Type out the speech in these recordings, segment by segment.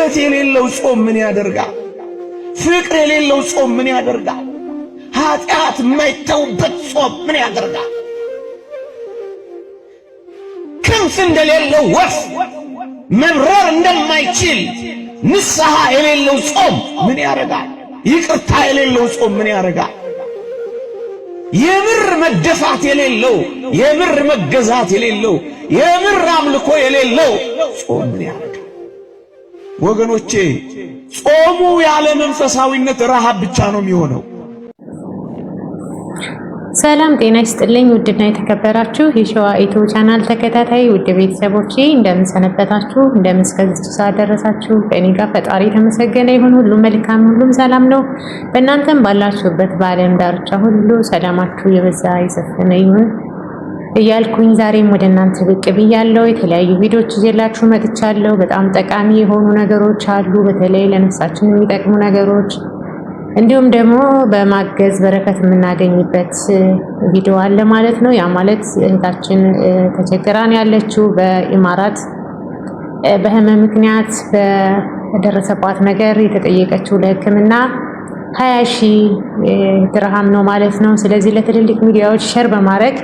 እምነት የሌለው ጾም ምን ያደርጋል? ፍቅር የሌለው ጾም ምን ያደርጋል? ኃጢአት የማይተውበት ጾም ምን ያደርጋል? ክንፍ እንደሌለው ወፍ መብረር እንደማይችል ንስሐ የሌለው ጾም ምን ያደርጋል? ይቅርታ የሌለው ጾም ምን ያደርጋል? የምር መደፋት የሌለው የምር መገዛት የሌለው የምር አምልኮ የሌለው ጾም ምን ያደርጋል? ወገኖቼ ጾሙ ያለ መንፈሳዊነት ረሃብ ብቻ ነው የሚሆነው። ሰላም ጤና ይስጥልኝ። ውድና የተከበራችሁ የሸዋ ኢትዮ ቻናል ተከታታይ ውድ ቤተሰቦች እንደምንሰነበታችሁ፣ እንደምንስከዝቱ ሳደረሳችሁ በእኔ ጋር ፈጣሪ የተመሰገነ ይሁን። ሁሉ መልካም፣ ሁሉም ሰላም ነው። በእናንተም ባላችሁበት በዓለም ዳርቻ ሁሉ ሰላማችሁ የበዛ የሰፈነ ይሁን። እያልኩኝ ዛሬም ወደ እናንተ ብቅ ብያለሁ። የተለያዩ ቪዲዮዎች ይዤላችሁ መጥቻለሁ። በጣም ጠቃሚ የሆኑ ነገሮች አሉ፣ በተለይ ለነፍሳችን የሚጠቅሙ ነገሮች እንዲሁም ደግሞ በማገዝ በረከት የምናገኝበት ቪዲዮ አለ ማለት ነው። ያ ማለት እህታችን ተቸግራን ያለችው በኢማራት በህመም ምክንያት በደረሰባት ነገር የተጠየቀችው ለሕክምና ሀያ ሺህ ድርሃም ነው ማለት ነው። ስለዚህ ለትልልቅ ሚዲያዎች ሸር በማድረግ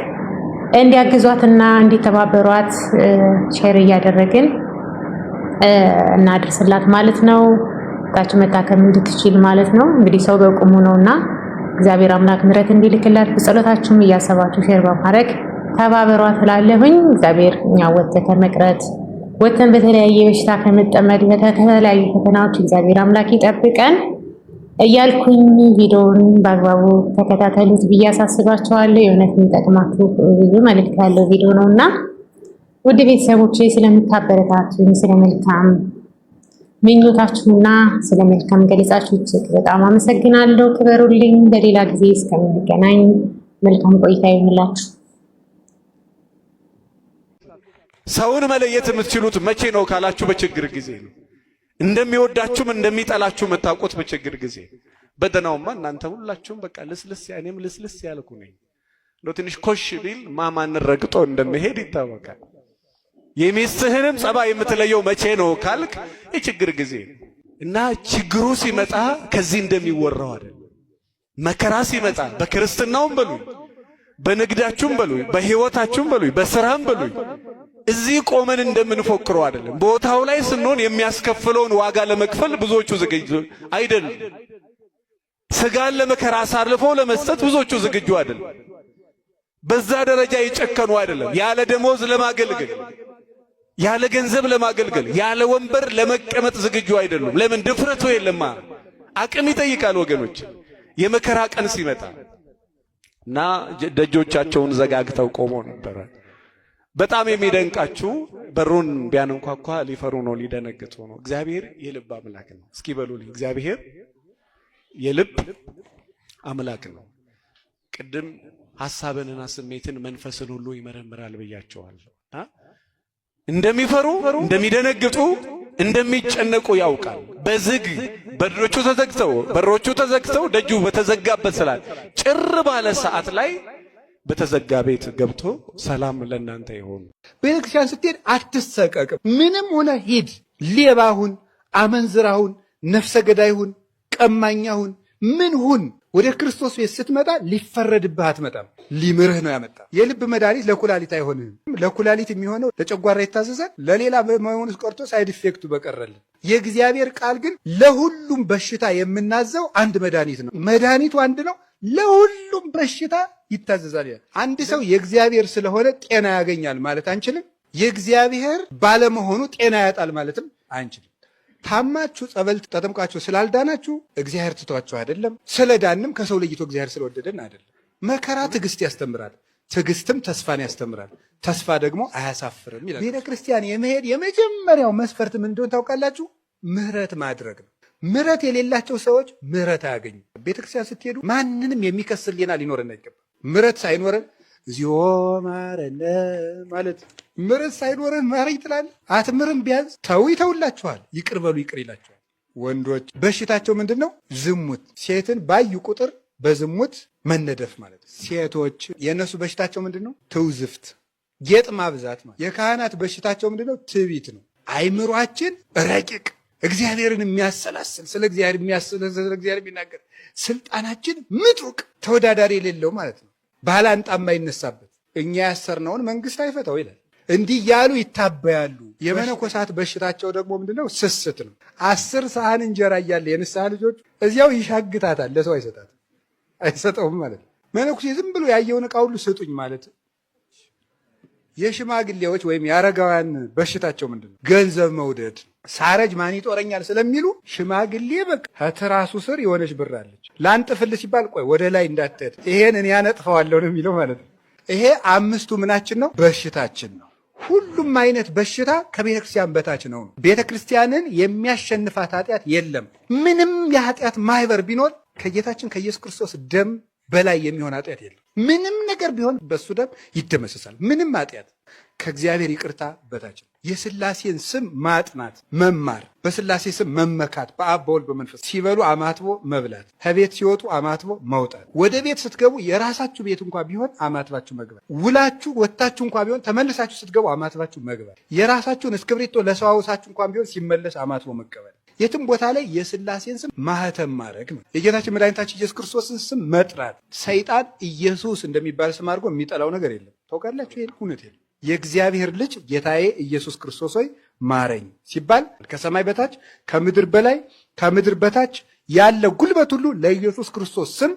እንዲያግዟትና እንዲተባበሯት ሼር እያደረግን እናድርስላት ማለት ነው። ታች መታከም እንድትችል ማለት ነው። እንግዲህ ሰው በቁሙ ነውና እግዚአብሔር አምላክ ምሕረት እንዲልክላት በጸሎታችሁም እያሰባችሁ ሼር በማድረግ ተባበሯት እላለሁኝ። እግዚአብሔር እኛ ወጥተን ከመቅረት ወጥተን በተለያየ በሽታ ከመጠመድ ከተለያዩ ፈተናዎች እግዚአብሔር አምላክ ይጠብቀን። እያልኩኝ ቪዲዮውን በአግባቡ ተከታተሉት ብዬ አሳስባቸዋለሁ። የእውነት የሚጠቅማችሁ ብዙ መልዕክት ያለው ቪዲዮ ነው እና ውድ ቤተሰቦች ስለምታበረታቱኝ ስለ መልካም ምኞታችሁና ስለ መልካም ገለጻችሁ እጅግ በጣም አመሰግናለሁ። ክበሩልኝ። በሌላ ጊዜ እስከምንገናኝ መልካም ቆይታ ይሆንላችሁ። ሰውን መለየት የምትችሉት መቼ ነው ካላችሁ በችግር ጊዜ ነው። እንደሚወዳችሁም እንደሚጠላችሁ የምታውቁት በችግር ጊዜ። በደናውማ እናንተ ሁላችሁም በቃ ልስልስ እኔም ልስልስ ያልኩ ነኝ። እንደ ትንሽ ኮሽ ቢል ማማን ረግጦ እንደሚሄድ ይታወቃል። የሚስትህንም ጸባይ የምትለየው መቼ ነው ካልክ የችግር ጊዜ እና ችግሩ ሲመጣ ከዚህ እንደሚወራው አይደለም። መከራ ሲመጣ በክርስትናውም በሉኝ፣ በንግዳችሁም በሉኝ፣ በህይወታችሁም በሉኝ፣ በስራም በሉኝ እዚህ ቆመን እንደምንፎክረው አይደለም። ቦታው ላይ ስንሆን የሚያስከፍለውን ዋጋ ለመክፈል ብዙዎቹ ዝግጁ አይደሉም። ስጋን ለመከራ አሳልፈው ለመስጠት ብዙዎቹ ዝግጁ አይደለም። በዛ ደረጃ የጨከኑ አይደለም። ያለ ደሞዝ ለማገልገል፣ ያለ ገንዘብ ለማገልገል፣ ያለ ወንበር ለመቀመጥ ዝግጁ አይደሉም። ለምን? ድፍረቱ የለማ። አቅም ይጠይቃል ወገኖች፣ የመከራ ቀን ሲመጣ እና ደጆቻቸውን ዘጋግተው ቆሞ ነበረ። በጣም የሚደንቃችሁ በሩን ቢያንኳኳ ሊፈሩ ነው፣ ሊደነግጡ ነው። እግዚአብሔር የልብ አምላክ ነው። እስኪ በሉልኝ፣ እግዚአብሔር የልብ አምላክ ነው። ቅድም ሀሳብንና ስሜትን መንፈስን ሁሉ ይመረምራል ብያቸዋል እንደሚፈሩ እንደሚደነግጡ እንደሚጨነቁ ያውቃል። በዝግ በሮቹ ተዘግተው በሮቹ ተዘግተው ደጁ በተዘጋበት ስላል ጭር ባለ ሰዓት ላይ በተዘጋ ቤት ገብቶ ሰላም ለእናንተ ይሆኑ። ቤተክርስቲያን ስትሄድ አትሰቀቅም። ምንም ሆነ ሂድ፣ ሌባሁን፣ አመንዝራሁን፣ ነፍሰ ገዳይሁን፣ ቀማኛሁን፣ ምን ሁን ወደ ክርስቶስ ቤት ስትመጣ ሊፈረድብህ አትመጣም። ሊምርህ ነው ያመጣ። የልብ መድኃኒት ለኩላሊት አይሆንህም። ለኩላሊት የሚሆነው ለጨጓራ ይታዘዛል። ለሌላ መሆኑስ ቀርቶ ሳይድ ኢፌክቱ በቀረልን። የእግዚአብሔር ቃል ግን ለሁሉም በሽታ የምናዘው አንድ መድኃኒት ነው። መድኃኒቱ አንድ ነው ለሁሉም በሽታ ይታዘዛል። አንድ ሰው የእግዚአብሔር ስለሆነ ጤና ያገኛል ማለት አንችልም። የእግዚአብሔር ባለመሆኑ ጤና ያጣል ማለትም አንችልም። ታማችሁ ጸበል ተጠምቃችሁ ስላልዳናችሁ እግዚአብሔር ትቷችሁ አይደለም። ስለዳንም ከሰው ለይቶ እግዚአብሔር ስለወደደን አይደለም። መከራ ትዕግስት ያስተምራል። ትዕግስትም ተስፋን ያስተምራል። ተስፋ ደግሞ አያሳፍርም ይላል። ቤተ ክርስቲያን የመሄድ የመጀመሪያው መስፈርት ምን ታውቃላችሁ? ምህረት ማድረግ ነው። ምሕረት የሌላቸው ሰዎች ምህረት አያገኙ። ቤተክርስቲያን ስትሄዱ ማንንም የሚከስል ሊኖረን አይገባም። ምረት ሳይኖረን እዚዮ ማረነ ማለት ምረት ሳይኖረን ማረኝ ትላለህ። አትምርም። ቢያንስ ተው ይተውላችኋል። ይቅር በሉ ይቅር ይላችኋል። ወንዶች በሽታቸው ምንድን ነው? ዝሙት። ሴትን ባዩ ቁጥር በዝሙት መነደፍ ማለት ነው። ሴቶች የእነሱ በሽታቸው ምንድን ነው? ትውዝፍት፣ ጌጥ ማብዛት ማለት። የካህናት በሽታቸው ምንድን ነው? ትዕቢት ነው። አይምሯችን ረቂቅ እግዚአብሔርን የሚያሰላስል ስለ እግዚአብሔር የሚያስብ ስለ እግዚአብሔር የሚናገር ስልጣናችን ምጡቅ ተወዳዳሪ የሌለው ማለት ነው። ባላንጣማ ይነሳበት እኛ ያሰርነውን መንግስት አይፈታው ይላል። እንዲህ ያሉ ይታበያሉ። የመነኮሳት በሽታቸው ደግሞ ምንድነው? ስስት ነው። አስር ሳህን እንጀራ እያለ የንስሐ ልጆች እዚያው ይሻግታታል፣ ለሰው አይሰጣት አይሰጠውም ማለት ነው። መነኩሴ ዝም ብሎ ያየውን እቃ ሁሉ ስጡኝ ማለት። የሽማግሌዎች ወይም የአረጋውያን በሽታቸው ምንድነው? ገንዘብ መውደድ ሳረጅ ማን ይጦረኛል ስለሚሉ ሽማግሌ በቃ ከትራሱ ስር የሆነች ብር አለች። ላንጥፍል ሲባል ቆይ ወደ ላይ እንዳትሄድ ይሄን እኔ ያነጥፈዋለሁ ነው የሚለው ማለት ነው። ይሄ አምስቱ ምናችን ነው? በሽታችን ነው። ሁሉም አይነት በሽታ ከቤተ ክርስቲያን በታች ነው። ቤተ ክርስቲያንን የሚያሸንፋት ኃጢአት የለም። ምንም የኃጢአት ማህበር ቢኖር ከጌታችን ከኢየሱስ ክርስቶስ ደም በላይ የሚሆን ኃጢአት የለም። ምንም ነገር ቢሆን በሱ ደም ይደመሰሳል። ምንም ኃጢአት ከእግዚአብሔር ይቅርታ በታች ነው። የስላሴን ስም ማጥናት መማር፣ በስላሴ ስም መመካት፣ በአብ በወልድ በመንፈስ ሲበሉ አማትቦ መብላት፣ ከቤት ሲወጡ አማትቦ መውጣት፣ ወደ ቤት ስትገቡ የራሳችሁ ቤት እንኳ ቢሆን አማትባችሁ መግባት፣ ውላችሁ ወታችሁ እንኳ ቢሆን ተመልሳችሁ ስትገቡ አማትባችሁ መግባት፣ የራሳችሁን እስክብሪቶ ለሰዋውሳችሁ እንኳ ቢሆን ሲመለስ አማትቦ መቀበል የትም ቦታ ላይ የስላሴን ስም ማህተም ማድረግ ነው። የጌታችን መድኃኒታችን ኢየሱስ ክርስቶስን ስም መጥራት ሰይጣን ኢየሱስ እንደሚባል ስም አድርጎ የሚጠላው ነገር የለም። ታውቃላችሁ፣ ይህን እውነት የለም። የእግዚአብሔር ልጅ ጌታዬ ኢየሱስ ክርስቶስ ሆይ ማረኝ ሲባል ከሰማይ በታች ከምድር በላይ ከምድር በታች ያለ ጉልበት ሁሉ ለኢየሱስ ክርስቶስ ስም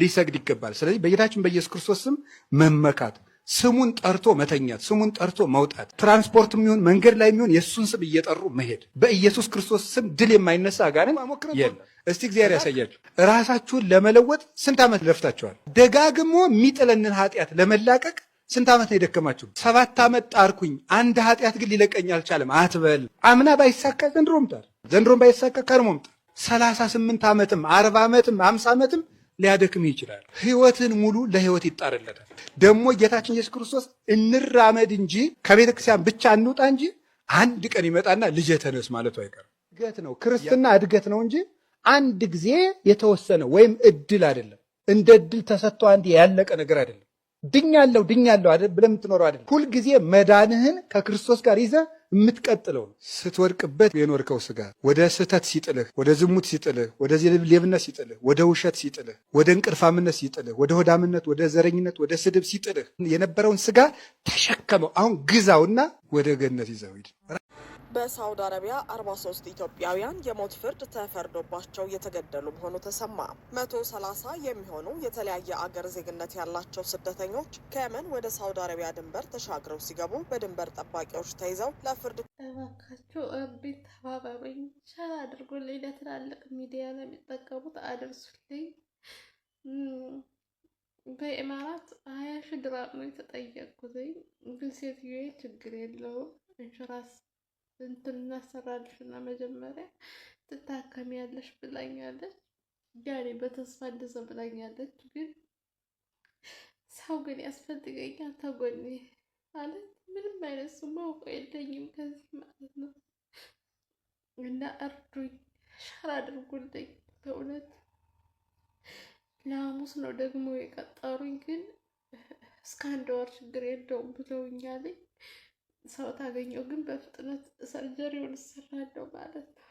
ሊሰግድ ይገባል። ስለዚህ በጌታችን በኢየሱስ ክርስቶስ ስም መመካት ስሙን ጠርቶ መተኛት፣ ስሙን ጠርቶ መውጣት፣ ትራንስፖርት የሚሆን መንገድ ላይ የሚሆን የእሱን ስም እየጠሩ መሄድ። በኢየሱስ ክርስቶስ ስም ድል የማይነሳ አጋንንት የለም። እስቲ እግዚአብሔር ያሳያችሁ። ራሳችሁን ለመለወጥ ስንት ዓመት ለፍታችኋል? ደጋግሞ የሚጥለንን ኃጢአት ለመላቀቅ ስንት ዓመት ነው የደከማችሁ? ሰባት ዓመት ጣርኩኝ፣ አንድ ኃጢአት ግን ሊለቀኝ አልቻለም አትበል። አምና ባይሳካ ዘንድሮም ጣር፣ ዘንድሮም ባይሳካ ከርሞም ጣር። ሰላሳ ስምንት ዓመትም አርባ ዓመትም አምሳ ዓመትም ሊያደክም ይችላል። ህይወትን ሙሉ ለህይወት ይጣርለታል። ደግሞ ጌታችን ኢየሱስ ክርስቶስ እንራመድ እንጂ ከቤተ ክርስቲያን ብቻ እንውጣ እንጂ አንድ ቀን ይመጣና ልጅ ተነስ ማለቱ አይቀርም። እድገት ነው ክርስትና እድገት ነው እንጂ አንድ ጊዜ የተወሰነ ወይም እድል አይደለም። እንደ እድል ተሰጥቶ አንድ ያለቀ ነገር አይደለም። ድኛለሁ ድኛለሁ ብለህ የምትኖረው አይደለም። ሁልጊዜ መዳንህን ከክርስቶስ ጋር ይዘህ የምትቀጥለው ነው። ስትወድቅበት የኖርከው ስጋ ወደ ስህተት ሲጥልህ፣ ወደ ዝሙት ሲጥልህ፣ ወደ ሌብነት ሲጥልህ፣ ወደ ውሸት ሲጥልህ፣ ወደ እንቅርፋምነት ሲጥልህ፣ ወደ ሆዳምነት፣ ወደ ዘረኝነት፣ ወደ ስድብ ሲጥልህ የነበረውን ስጋ ተሸከመው። አሁን ግዛውና ወደ ገነት ይዘው ሂድ። በሳውዲ አረቢያ 43 ኢትዮጵያውያን የሞት ፍርድ ተፈርዶባቸው የተገደሉ መሆኑ ተሰማ። 130 የሚሆኑ የተለያየ አገር ዜግነት ያላቸው ስደተኞች ከየመን ወደ ሳውዲ አረቢያ ድንበር ተሻግረው ሲገቡ በድንበር ጠባቂዎች ተይዘው ለፍርድ እባካችሁ እምቢን ተባበሩኝ፣ ሸር አድርጉልኝ፣ ለትላልቅ ሚዲያ ለሚጠቀሙት አድርሱልኝ። በኢማራት ሀያ ሺ ድራም ነው የተጠየቅኩትኝ። ግን ሴትዮዋ ችግር የለውም ኢንሹራንስ እንትን እናሰራልሽ እና መጀመሪያ ትታከሚያለሽ ብላኛለች። ያኔ በተስፋ እንደዛ ብላኛለች። ግን ሰው ግን ያስፈልገኛል ተጎኔ ማለት ምንም አይነት ሰው ማውቀ የለኝም ከዚህ ማለት ነው። እና እርዱኝ፣ ሻር አድርጉልኝ። በእውነት ለሐሙስ ነው ደግሞ የቀጠሩኝ፣ ግን እስከ አንድ ወር ችግር የለውም ብለውኛለኝ። ሰው ታገኘው ግን በፍጥነት ሰርጀሪውን እሰራለሁ ማለት ነው።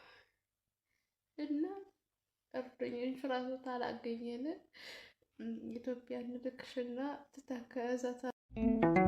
እና እርዱኝ፣ ኢንሹራንስ ታላገኘን ኢትዮጵያ እንልክሽና ትተከዘታ